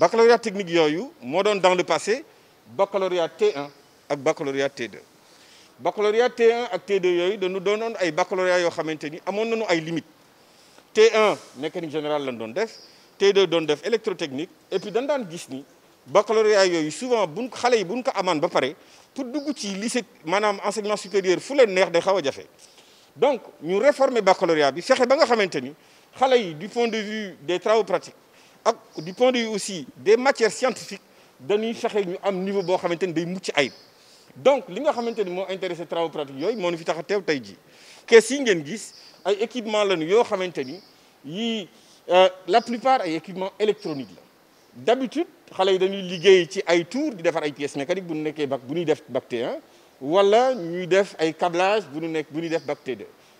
baccalauréat technique yoyu mo dans le passé baccalauréat T1 ak baccalauréat T2 baccalauréat T1 ak T2 de nous doonoon ay baccalauréat yo xamanteni ni nañu ay limite T1 mécanique générale la don def T2 don def électrotechnique et puis dañ le gis ni baccalauréat yoyu souvent buñ xale yi buñ ko amane ba paré pour dugg ci lycée manam enseignement supérieur fu leen neex de xawa jafé donc ñu réformer baccalauréat bi fexé ba nga xamanteni xalé yi du point de vue des travaux pratiques ak du point de vue aussi des matières scientifiques dañuy fexe ñu am niveau boo xamante ni day mucc ayib donc li nga xamante ni moo intéressé travaux pratiques yooyu moo ñu fi tax a teew tey jii kees yi ngeen gis ay équipement lañu yoo xamante ni euh, la plupart ay équipement électronique d'habitude xalé yi dañuy liggéey ci ay tour di defar ay pièces mécaniques bu ñu nekkee bac bu ñuy def bac T1 wala ñuy def ay câblage bu ñu nekk bu ñuy def bac T2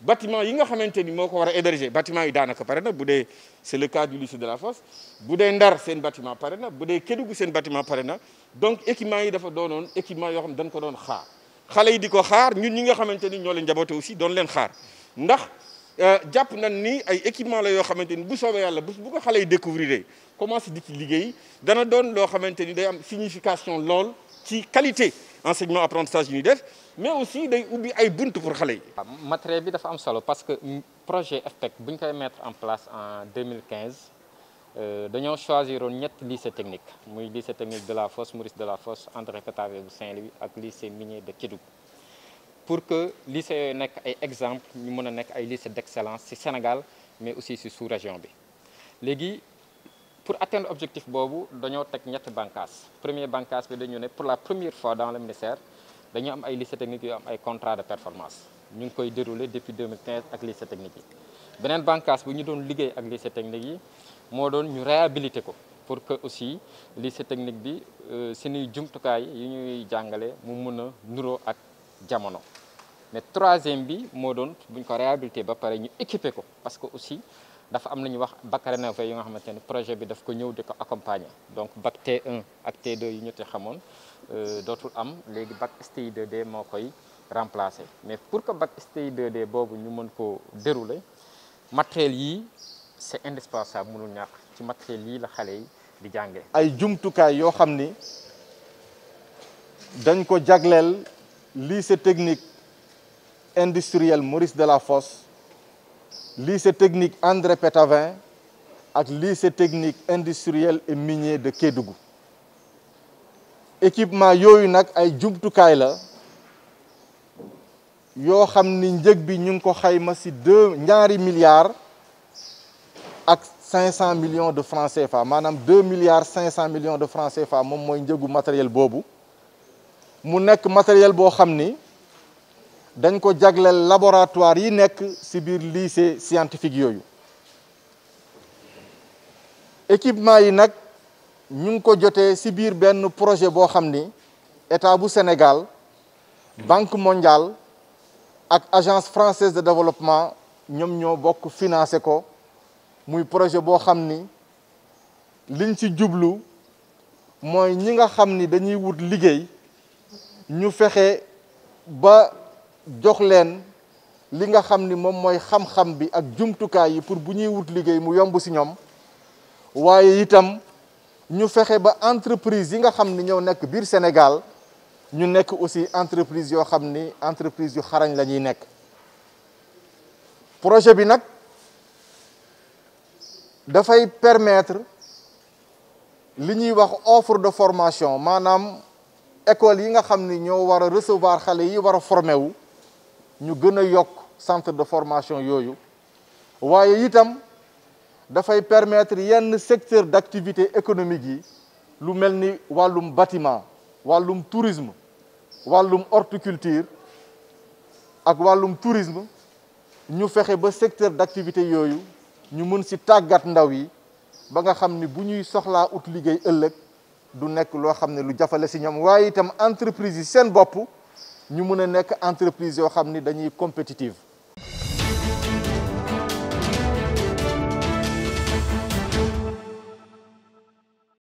bâtiment yi nga xamante ni moo ko war a héberger bâtiment yi daanaka pare na bu dee c' est le cas du lycée de la Fosse bu dee Ndar seen bâtiment pare na bu dee Kédougou seen bâtiment pare na donc équipement yi dafa doonoon équipement yoo xam dañ ko doon xaar xale yi di ko xaar ñun ñi nga xamante ni ñoo leen njaboote aussi doon leen xaar ndax euh, jàpp nañ ni ay équipement la yoo xamante ni bu soobee yàlla bu bu ko xale yi découvrir commencé di ci liggéey dana doon loo xamante ni day am signification lool ci qualité enseignement apprentissage yu mais aussi des ubbi ay pour les enfants. très matériel bi dafa am parce que le projet FPEC bu ñu mettre en place en 2015 euh, avons choisi ñett lycée technique Les lycée technique de la Fosse Maurice de la Fosse André Patavé de Saint-Louis ak lycée minier de Kidou. pour que lycée nek un exemple ñu avons lycée d'excellence au Sénégal mais aussi ci sous-région bi pour atteindre l'objectif nous avons une ñetti bànqaas premier banque, bi dañu pour la première fois dans le ministère dañu am ay lycée technique yu am contrat de performance ñu avons koy déroulé depuis 2015 ak lycée technique yi beneen banque, bu ñu doon liggéey ak lycée technique yi avons réhabilité pour que aussi lycée technique bi euh, suñuy jumtukaay nous ñuy jàngale mu mun a ak jamono mais troisième bi nous avons ko réhabilité ba pare ñu équipé parce que aussi dafa am lañu wax bac rénové yi nga xamanteni projet bi daf ko ñëw di ko accompagner donc bac T1 ak T2 yi ñu te xamone euh dootul am léegi bac STI2D mo koy remplacer mais pour que bac STI2D bobu ñu mën ko dérouler matériel yi c'est indispensable mënul ñak ci matériel yi la xalé yi di jàngee. ay jumtukaay yo xamni dañ ko jagleel lycée technique industriel Maurice Delafosse lycée technique André Pétavin ak lycée technique industriel et minier de Kédougou équipement yooyu nag ay jumtukaay la yoo xam ni bi ñu milliards et 500 millions de francs CFA madame deux milliards 500 millions de francs CFA moom mooy njëgu matériel boobu mu matériel qui est dañ ko jagleel laboratoire yi nekk ci biir lycée scientifique yooyu équipement yi nag ñu ngi ko jotee ci biir benn projet boo xam ni état bu Sénégal banque mondiale ak agence française de développement ñoom ñoo bokk financé ko muy projet boo xam ni liñ ci jublu mooy ñi nga xam ni dañuy wut liggéey ñu fexe ba jox leen li nga xam ni moom mooy xam-xam bi ak jumtukaay yi pour bu ñuy wut liggéey mu yomb ci ñoom waaye itam ñu fexe ba entreprise yi nga xam ni ñoo nekk biir Sénégal ñu nekk aussi entreprise yoo xam ni entreprise yu xarañ la ñuy nekk projet bi nag dafay permettre li ñuy wax offre de formation maanaam école yi nga xam ni ñoo war a recevoir xale yi war a formé wu ñu gën a centre de formation yoyo. waaye itam dafay permettre yenn secteur d'activité économique yi lu melni walum bâtiment walum tourisme walum horticulture ak walum tourisme ñu fexé ba secteur d'activité yoyo. ñu mën ci tagat ndaw yi ba nga xamni buñuy soxla out soxlaa ëlëk du nekk lo xam lu jafale ci ñom itam entreprise seen ñu mën a nekk entreprise yoo xam ni dañuy compétitive